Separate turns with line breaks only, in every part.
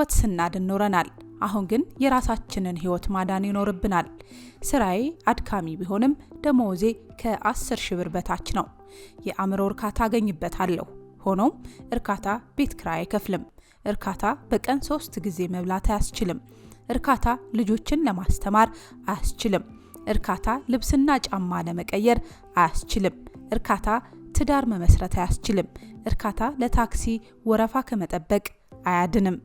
ህይወት ስናድን ኖረናል። አሁን ግን የራሳችንን ህይወት ማዳን ይኖርብናል። ስራዬ አድካሚ ቢሆንም ደሞዜ ከ10 ሺህ ብር በታች ነው። የአእምሮ እርካታ አገኝበታለሁ። ሆኖም እርካታ ቤት ክራይ አይከፍልም። እርካታ በቀን ሶስት ጊዜ መብላት አያስችልም። እርካታ ልጆችን ለማስተማር አያስችልም። እርካታ ልብስና ጫማ ለመቀየር አያስችልም። እርካታ ትዳር መመስረት አያስችልም። እርካታ ለታክሲ ወረፋ ከመጠበቅ አያድንም።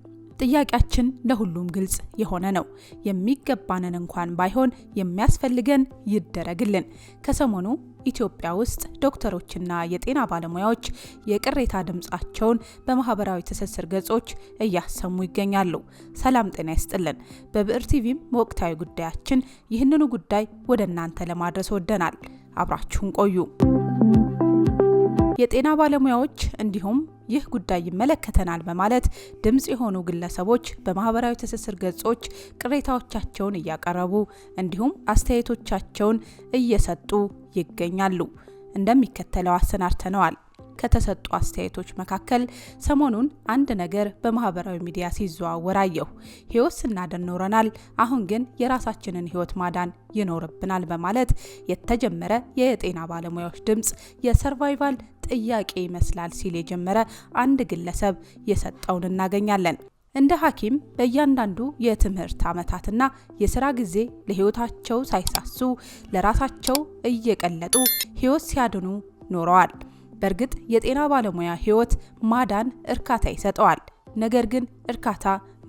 ጥያቄያችን ለሁሉም ግልጽ የሆነ ነው። የሚገባንን እንኳን ባይሆን የሚያስፈልገን ይደረግልን። ከሰሞኑ ኢትዮጵያ ውስጥ ዶክተሮችና የጤና ባለሙያዎች የቅሬታ ድምጻቸውን በማህበራዊ ትስስር ገጾች እያሰሙ ይገኛሉ። ሰላም ጤና ይስጥልን። በብዕር ቲቪም ወቅታዊ ጉዳያችን ይህንኑ ጉዳይ ወደ እናንተ ለማድረስ ወደናል። አብራችሁን ቆዩ። የጤና ባለሙያዎች እንዲሁም ይህ ጉዳይ ይመለከተናል በማለት ድምፅ የሆኑ ግለሰቦች በማህበራዊ ትስስር ገጾች ቅሬታዎቻቸውን እያቀረቡ እንዲሁም አስተያየቶቻቸውን እየሰጡ ይገኛሉ። እንደሚከተለው አሰናድተነዋል። ከተሰጡ አስተያየቶች መካከል ሰሞኑን አንድ ነገር በማህበራዊ ሚዲያ ሲዘዋወር አየሁ። ህይወት ስናድን ኖረናል፣ አሁን ግን የራሳችንን ህይወት ማዳን ይኖርብናል በማለት የተጀመረ የጤና ባለሙያዎች ድምፅ የሰርቫይቫል ጥያቄ ይመስላል ሲል የጀመረ አንድ ግለሰብ የሰጠውን እናገኛለን። እንደ ሐኪም በእያንዳንዱ የትምህርት ዓመታትና የስራ ጊዜ ለህይወታቸው ሳይሳሱ ለራሳቸው እየቀለጡ ህይወት ሲያድኑ ኖረዋል። በእርግጥ የጤና ባለሙያ ህይወት ማዳን እርካታ ይሰጠዋል። ነገር ግን እርካታ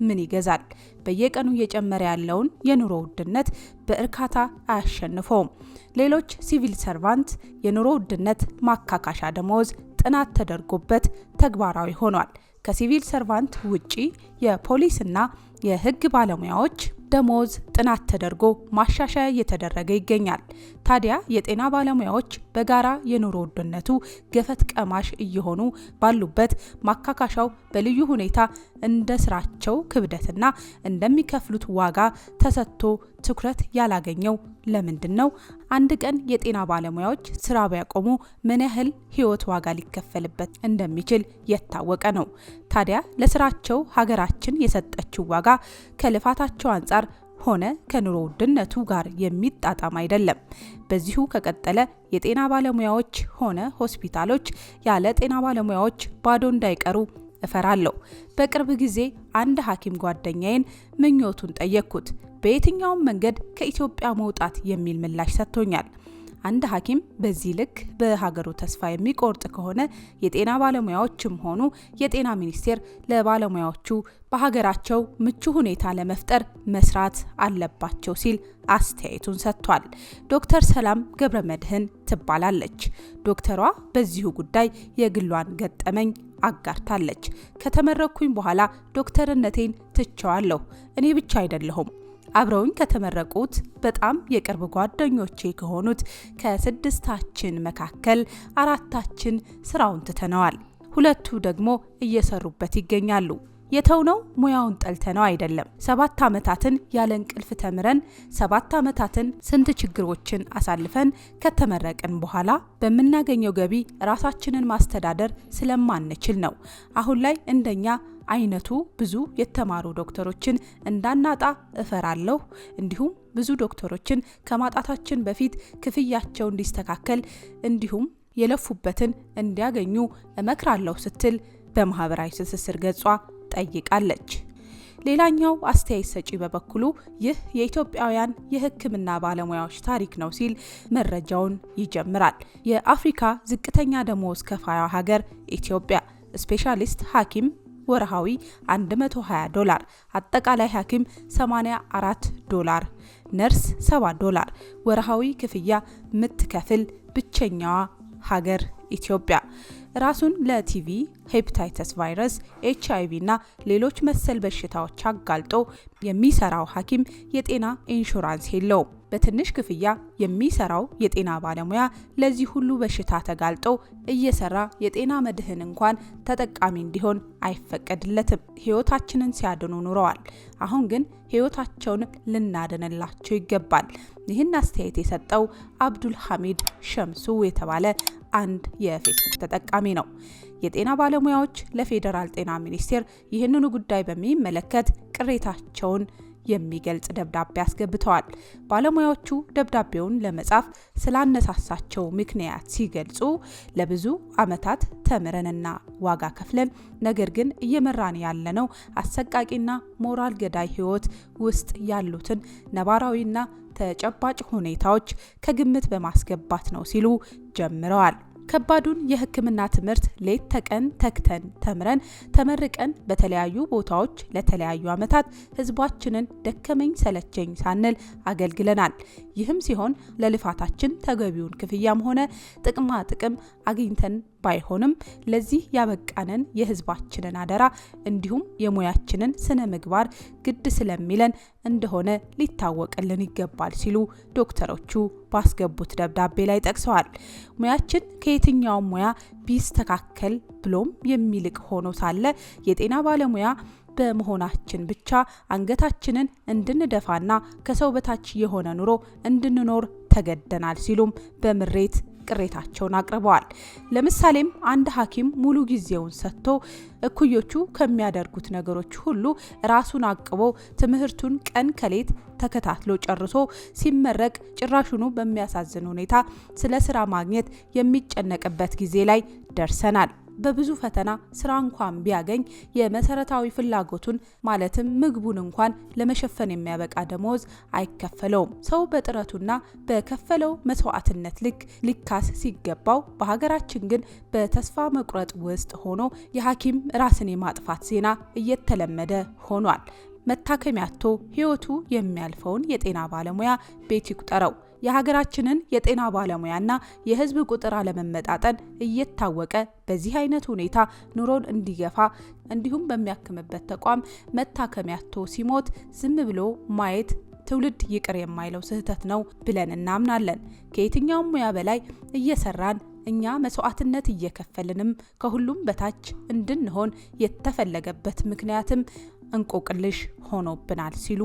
ምን ይገዛል? በየቀኑ እየጨመረ ያለውን የኑሮ ውድነት በእርካታ አያሸንፈውም። ሌሎች ሲቪል ሰርቫንት የኑሮ ውድነት ማካካሻ ደመወዝ ጥናት ተደርጎበት ተግባራዊ ሆኗል። ከሲቪል ሰርቫንት ውጪ የፖሊስና የህግ ባለሙያዎች ደሞዝ ጥናት ተደርጎ ማሻሻያ እየተደረገ ይገኛል። ታዲያ የጤና ባለሙያዎች በጋራ የኑሮ ውድነቱ ገፈት ቀማሽ እየሆኑ ባሉበት ማካካሻው በልዩ ሁኔታ እንደ ስራቸው ክብደትና እንደሚከፍሉት ዋጋ ተሰጥቶ ትኩረት ያላገኘው ለምንድን ነው? አንድ ቀን የጤና ባለሙያዎች ስራ ቢያቆሙ ምን ያህል ህይወት ዋጋ ሊከፈልበት እንደሚችል የታወቀ ነው። ታዲያ ለስራቸው ሀገራችን የሰጠችው ዋጋ ከልፋታቸው አንጻር ሆነ ከኑሮ ውድነቱ ጋር የሚጣጣም አይደለም። በዚሁ ከቀጠለ የጤና ባለሙያዎች ሆነ ሆስፒታሎች ያለ ጤና ባለሙያዎች ባዶ እንዳይቀሩ እፈራለሁ። በቅርብ ጊዜ አንድ ሐኪም ጓደኛዬን ምኞቱን ጠየቅኩት። በየትኛውም መንገድ ከኢትዮጵያ መውጣት የሚል ምላሽ ሰጥቶኛል። አንድ ሐኪም በዚህ ልክ በሀገሩ ተስፋ የሚቆርጥ ከሆነ የጤና ባለሙያዎችም ሆኑ የጤና ሚኒስቴር ለባለሙያዎቹ በሀገራቸው ምቹ ሁኔታ ለመፍጠር መስራት አለባቸው ሲል አስተያየቱን ሰጥቷል። ዶክተር ሰላም ገብረ መድህን ትባላለች። ዶክተሯ በዚሁ ጉዳይ የግሏን ገጠመኝ አጋርታለች። ከተመረኩኝ በኋላ ዶክተርነቴን ትቸዋለሁ። እኔ ብቻ አይደለሁም አብረውኝ ከተመረቁት በጣም የቅርብ ጓደኞቼ ከሆኑት ከስድስታችን መካከል አራታችን ስራውን ትተነዋል። ሁለቱ ደግሞ እየሰሩበት ይገኛሉ። የተውነው ሙያውን ጠልተነው አይደለም። ሰባት ዓመታትን ያለ እንቅልፍ ተምረን ሰባት ዓመታትን ስንት ችግሮችን አሳልፈን ከተመረቅን በኋላ በምናገኘው ገቢ ራሳችንን ማስተዳደር ስለማንችል ነው። አሁን ላይ እንደኛ አይነቱ ብዙ የተማሩ ዶክተሮችን እንዳናጣ እፈራለሁ። እንዲሁም ብዙ ዶክተሮችን ከማጣታችን በፊት ክፍያቸው እንዲስተካከል እንዲሁም የለፉበትን እንዲያገኙ እመክራለሁ ስትል በማህበራዊ ትስስር ገጿ ጠይቃለች። ሌላኛው አስተያየት ሰጪ በበኩሉ ይህ የኢትዮጵያውያን የሕክምና ባለሙያዎች ታሪክ ነው ሲል መረጃውን ይጀምራል። የአፍሪካ ዝቅተኛ ደሞዝ ከፋያ ሀገር ኢትዮጵያ ስፔሻሊስት ሐኪም ወርሃዊ 120 ዶላር፣ አጠቃላይ ሐኪም 84 ዶላር፣ ነርስ 7 ዶላር ወርሃዊ ክፍያ ምትከፍል ብቸኛዋ ሀገር ኢትዮጵያ ራሱን ለቲቪ ሄፕታይተስ ቫይረስ፣ ኤች አይቪ እና ሌሎች መሰል በሽታዎች አጋልጦ የሚሰራው ሐኪም የጤና ኢንሹራንስ የለውም። በትንሽ ክፍያ የሚሰራው የጤና ባለሙያ ለዚህ ሁሉ በሽታ ተጋልጦ እየሰራ የጤና መድህን እንኳን ተጠቃሚ እንዲሆን አይፈቀድለትም። ህይወታችንን ሲያድኑ ኑረዋል። አሁን ግን ህይወታቸውን ልናድንላቸው ይገባል። ይህን አስተያየት የሰጠው አብዱል ሐሚድ ሸምሱ የተባለ አንድ የፌስቡክ ተጠቃሚ ነው። የጤና ባለሙያዎች ለፌዴራል ጤና ሚኒስቴር ይህንኑ ጉዳይ በሚመለከት ቅሬታቸውን የሚገልጽ ደብዳቤ አስገብተዋል። ባለሙያዎቹ ደብዳቤውን ለመጻፍ ስላነሳሳቸው ምክንያት ሲገልጹ ለብዙ ዓመታት ተምረንና ዋጋ ከፍለን ነገር ግን እየመራን ያለነው አሰቃቂና ሞራል ገዳይ ሕይወት ውስጥ ያሉትን ነባራዊና ተጨባጭ ሁኔታዎች ከግምት በማስገባት ነው ሲሉ ጀምረዋል። ከባዱን የሕክምና ትምህርት ሌት ተቀን ተክተን ተምረን ተመርቀን በተለያዩ ቦታዎች ለተለያዩ ዓመታት ህዝባችንን ደከመኝ ሰለቸኝ ሳንል አገልግለናል። ይህም ሲሆን ለልፋታችን ተገቢውን ክፍያም ሆነ ጥቅማ ጥቅም አግኝተን ባይሆንም ለዚህ ያበቃንን የህዝባችንን አደራ እንዲሁም የሙያችንን ስነ ምግባር ግድ ስለሚለን እንደሆነ ሊታወቅልን ይገባል ሲሉ ዶክተሮቹ ባስገቡት ደብዳቤ ላይ ጠቅሰዋል። ሙያችን ከየትኛውም ሙያ ቢስተካከል ብሎም የሚልቅ ሆኖ ሳለ የጤና ባለሙያ በመሆናችን ብቻ አንገታችንን እንድንደፋና ከሰው በታች የሆነ ኑሮ እንድንኖር ተገደናል ሲሉም በምሬት ቅሬታቸውን አቅርበዋል። ለምሳሌም አንድ ሐኪም ሙሉ ጊዜውን ሰጥቶ እኩዮቹ ከሚያደርጉት ነገሮች ሁሉ ራሱን አቅቦ ትምህርቱን ቀን ከሌት ተከታትሎ ጨርሶ ሲመረቅ ጭራሹኑ በሚያሳዝን ሁኔታ ስለ ስራ ማግኘት የሚጨነቅበት ጊዜ ላይ ደርሰናል። በብዙ ፈተና ስራ እንኳን ቢያገኝ የመሰረታዊ ፍላጎቱን ማለትም ምግቡን እንኳን ለመሸፈን የሚያበቃ ደሞዝ አይከፈለውም። ሰው በጥረቱና በከፈለው መስዋዕትነት ልክ ሊካስ ሲገባው፣ በሀገራችን ግን በተስፋ መቁረጥ ውስጥ ሆኖ የሐኪም ራስን የማጥፋት ዜና እየተለመደ ሆኗል። መታከሚያቶ ህይወቱ የሚያልፈውን የጤና ባለሙያ ቤት ይቁጠረው። የሀገራችንን የጤና ባለሙያና የህዝብ ቁጥር አለመመጣጠን እየታወቀ በዚህ አይነት ሁኔታ ኑሮን እንዲገፋ እንዲሁም በሚያክምበት ተቋም መታከሚያቶ ሲሞት ዝም ብሎ ማየት ትውልድ ይቅር የማይለው ስህተት ነው ብለን እናምናለን። ከየትኛውም ሙያ በላይ እየሰራን እኛ መስዋዕትነት እየከፈልንም ከሁሉም በታች እንድንሆን የተፈለገበት ምክንያትም እንቆቅልሽ ሆኖብናል ሲሉ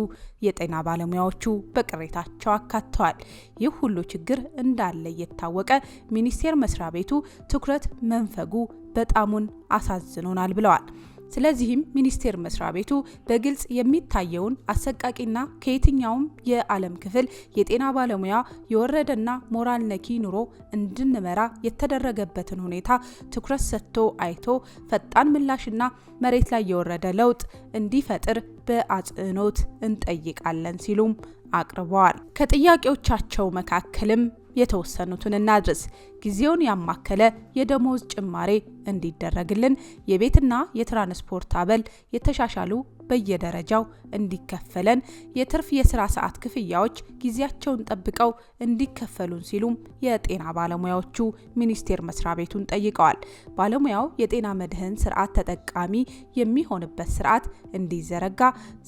የጤና ባለሙያዎቹ በቅሬታቸው አካተዋል። ይህ ሁሉ ችግር እንዳለ እየታወቀ ሚኒስቴር መስሪያ ቤቱ ትኩረት መንፈጉ በጣሙን አሳዝኖናል ብለዋል። ስለዚህም ሚኒስቴር መስሪያ ቤቱ በግልጽ የሚታየውን አሰቃቂና ከየትኛውም የዓለም ክፍል የጤና ባለሙያ የወረደና ሞራል ነኪ ኑሮ እንድንመራ የተደረገበትን ሁኔታ ትኩረት ሰጥቶ አይቶ ፈጣን ምላሽና መሬት ላይ የወረደ ለውጥ እንዲፈጥር በአጽንኦት እንጠይቃለን ሲሉም አቅርበዋል። ከጥያቄዎቻቸው መካከልም የተወሰኑትን እናድርስ። ጊዜውን ያማከለ የደሞዝ ጭማሬ እንዲደረግልን የቤትና የትራንስፖርት አበል የተሻሻሉ በየደረጃው እንዲከፈለን የትርፍ የስራ ሰዓት ክፍያዎች ጊዜያቸውን ጠብቀው እንዲከፈሉን ሲሉም የጤና ባለሙያዎቹ ሚኒስቴር መስሪያ ቤቱን ጠይቀዋል። ባለሙያው የጤና መድህን ስርዓት ተጠቃሚ የሚሆንበት ስርዓት እንዲዘረጋ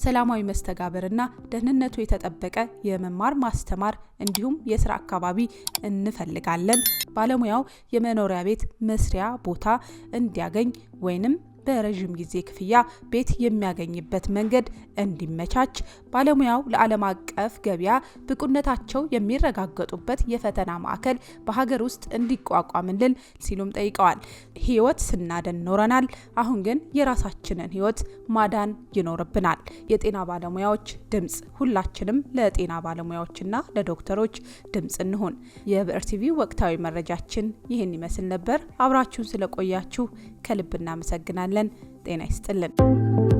ሰላማዊ መስተጋብርና ደህንነቱ የተጠበቀ የመማር ማስተማር እንዲሁም የስራ አካባቢ እንፈልጋለን። ባለሙያው የመኖሪያ ቤት መስሪያ ቦታ እንዲያገኝ ወይንም በረዥም ጊዜ ክፍያ ቤት የሚያገኝበት መንገድ እንዲመቻች ባለሙያው ለዓለም አቀፍ ገበያ ብቁነታቸው የሚረጋገጡበት የፈተና ማዕከል በሀገር ውስጥ እንዲቋቋምልን ሲሉም ጠይቀዋል። ህይወት ስናደን ኖረናል። አሁን ግን የራሳችንን ህይወት ማዳን ይኖርብናል። የጤና ባለሙያዎች ድምፅ፣ ሁላችንም ለጤና ባለሙያዎችና ለዶክተሮች ድምፅ እንሁን። የብዕር ቲቪ ወቅታዊ መረጃችን ይህን ይመስል ነበር። አብራችሁን ስለቆያችሁ ከልብ እናመሰግናለን። እንመኛለን። ጤና ይስጥልን።